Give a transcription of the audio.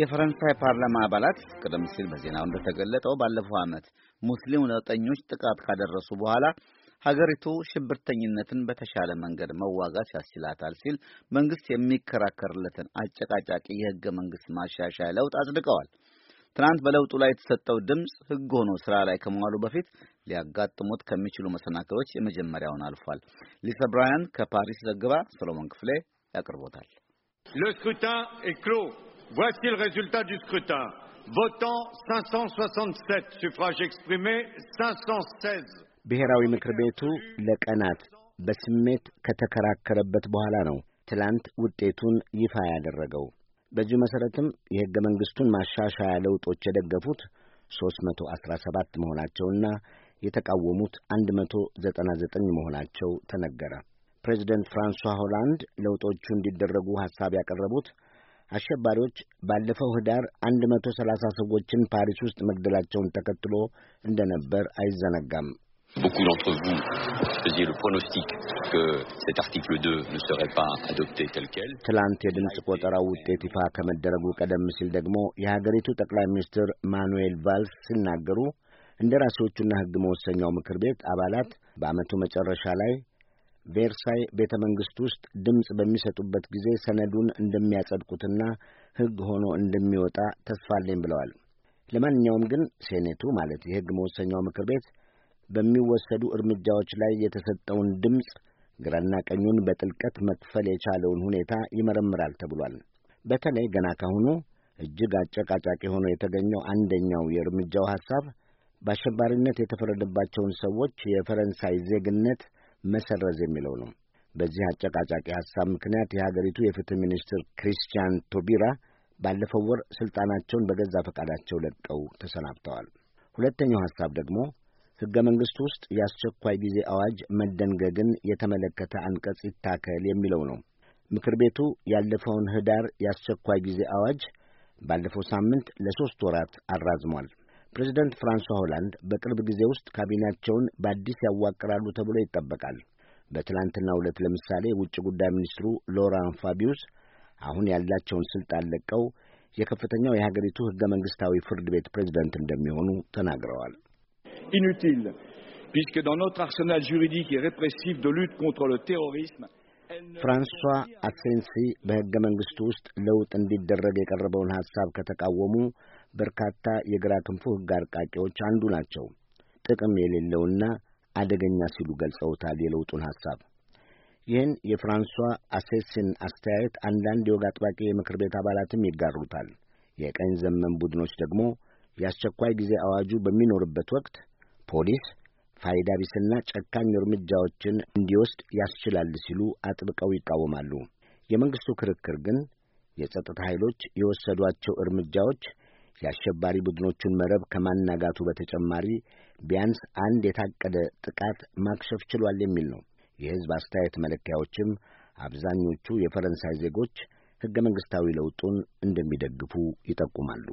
የፈረንሳይ ፓርላማ አባላት ቀደም ሲል በዜናው እንደተገለጠው ባለፈው ዓመት ሙስሊም ነውጠኞች ጥቃት ካደረሱ በኋላ ሀገሪቱ ሽብርተኝነትን በተሻለ መንገድ መዋጋት ያስችላታል ሲል መንግስት የሚከራከርለትን አጨቃጫቂ የህገ መንግስት ማሻሻያ ለውጥ አጽድቀዋል። ትናንት በለውጡ ላይ የተሰጠው ድምፅ ህግ ሆኖ ስራ ላይ ከመዋሉ በፊት ሊያጋጥሙት ከሚችሉ መሰናክሎች የመጀመሪያውን አልፏል። ሊሰ ብራያን ከፓሪስ ዘግባ ሰሎሞን ክፍሌ ያቀርቦታል። Voici le résultat du scrutin. Votant 567 suffrages exprimés, 516. ብሔራዊ ምክር ቤቱ ለቀናት በስሜት ከተከራከረበት በኋላ ነው ትላንት ውጤቱን ይፋ ያደረገው። በዚሁ መሠረትም የሕገ መንግሥቱን ማሻሻያ ለውጦች የደገፉት 317 መሆናቸውና የተቃወሙት 199 መሆናቸው ተነገረ። ፕሬዚደንት ፍራንሷ ሆላንድ ለውጦቹ እንዲደረጉ ሐሳብ ያቀረቡት አሸባሪዎች ባለፈው ህዳር አንድ መቶ ሰላሳ ሰዎችን ፓሪስ ውስጥ መግደላቸውን ተከትሎ እንደነበር አይዘነጋም። Beaucoup d'entre vous faisiez le pronostic que cet article 2 ne serait pas adopté tel quel. ትላንት የድምፅ ቆጠራው ውጤት ይፋ ከመደረጉ ቀደም ሲል ደግሞ የሀገሪቱ ጠቅላይ ሚኒስትር ማኑኤል ቫልስ ሲናገሩ እንደራሴዎቹና ሕግ መወሰኛው ምክር ቤት አባላት በዓመቱ መጨረሻ ላይ ቬርሳይ ቤተ መንግሥት ውስጥ ድምፅ በሚሰጡበት ጊዜ ሰነዱን እንደሚያጸድቁትና ሕግ ሆኖ እንደሚወጣ ተስፋ አለኝ ብለዋል። ለማንኛውም ግን ሴኔቱ ማለት የሕግ መወሰኛው ምክር ቤት በሚወሰዱ እርምጃዎች ላይ የተሰጠውን ድምፅ ግራና ቀኙን በጥልቀት መክፈል የቻለውን ሁኔታ ይመረምራል ተብሏል። በተለይ ገና ካሁኑ እጅግ አጨቃጫቂ ሆኖ የተገኘው አንደኛው የእርምጃው ሐሳብ በአሸባሪነት የተፈረደባቸውን ሰዎች የፈረንሳይ ዜግነት መሰረዝ የሚለው ነው። በዚህ አጨቃጫቂ ሐሳብ ምክንያት የሀገሪቱ የፍትህ ሚኒስትር ክሪስቲያን ቶቢራ ባለፈው ወር ሥልጣናቸውን በገዛ ፈቃዳቸው ለቀው ተሰናብተዋል። ሁለተኛው ሐሳብ ደግሞ ሕገ መንግሥት ውስጥ የአስቸኳይ ጊዜ አዋጅ መደንገግን የተመለከተ አንቀጽ ይታከል የሚለው ነው። ምክር ቤቱ ያለፈውን ኅዳር የአስቸኳይ ጊዜ አዋጅ ባለፈው ሳምንት ለሦስት ወራት አራዝሟል። ፕሬዚደንት ፍራንሷ ሆላንድ በቅርብ ጊዜ ውስጥ ካቢናቸውን በአዲስ ያዋቅራሉ ተብሎ ይጠበቃል። በትላንትና ዕለት ለምሳሌ ውጭ ጉዳይ ሚኒስትሩ ሎራን ፋቢዩስ አሁን ያላቸውን ስልጣን ለቀው የከፍተኛው የሀገሪቱ ህገ መንግስታዊ ፍርድ ቤት ፕሬዚደንት እንደሚሆኑ ተናግረዋል። ኢኑቲል ፒስክ ዳን ኖትር አርሰናል ጁሪዲክ ሬፕሬሲቭ ደ ሉት ኮንትረ ለ ቴሮሪስም ፍራንሷ አሴንሲ በሕገ መንግሥቱ ውስጥ ለውጥ እንዲደረግ የቀረበውን ሐሳብ ከተቃወሙ በርካታ የግራ ክንፉ ሕግ አርቃቂዎች አንዱ ናቸው። ጥቅም የሌለውና አደገኛ ሲሉ ገልጸውታል የለውጡን ሐሳብ። ይህን የፍራንሷ አሴሲን አስተያየት አንዳንድ የወግ አጥባቂ የምክር ቤት አባላትም ይጋሩታል። የቀኝ ዘመም ቡድኖች ደግሞ የአስቸኳይ ጊዜ አዋጁ በሚኖርበት ወቅት ፖሊስ ፋይዳ ቢስና ጨካኝ እርምጃዎችን እንዲወስድ ያስችላል ሲሉ አጥብቀው ይቃወማሉ። የመንግሥቱ ክርክር ግን የጸጥታ ኃይሎች የወሰዷቸው እርምጃዎች የአሸባሪ ቡድኖቹን መረብ ከማናጋቱ በተጨማሪ ቢያንስ አንድ የታቀደ ጥቃት ማክሸፍ ችሏል የሚል ነው። የሕዝብ አስተያየት መለኪያዎችም አብዛኞቹ የፈረንሳይ ዜጎች ሕገ መንግሥታዊ ለውጡን እንደሚደግፉ ይጠቁማሉ።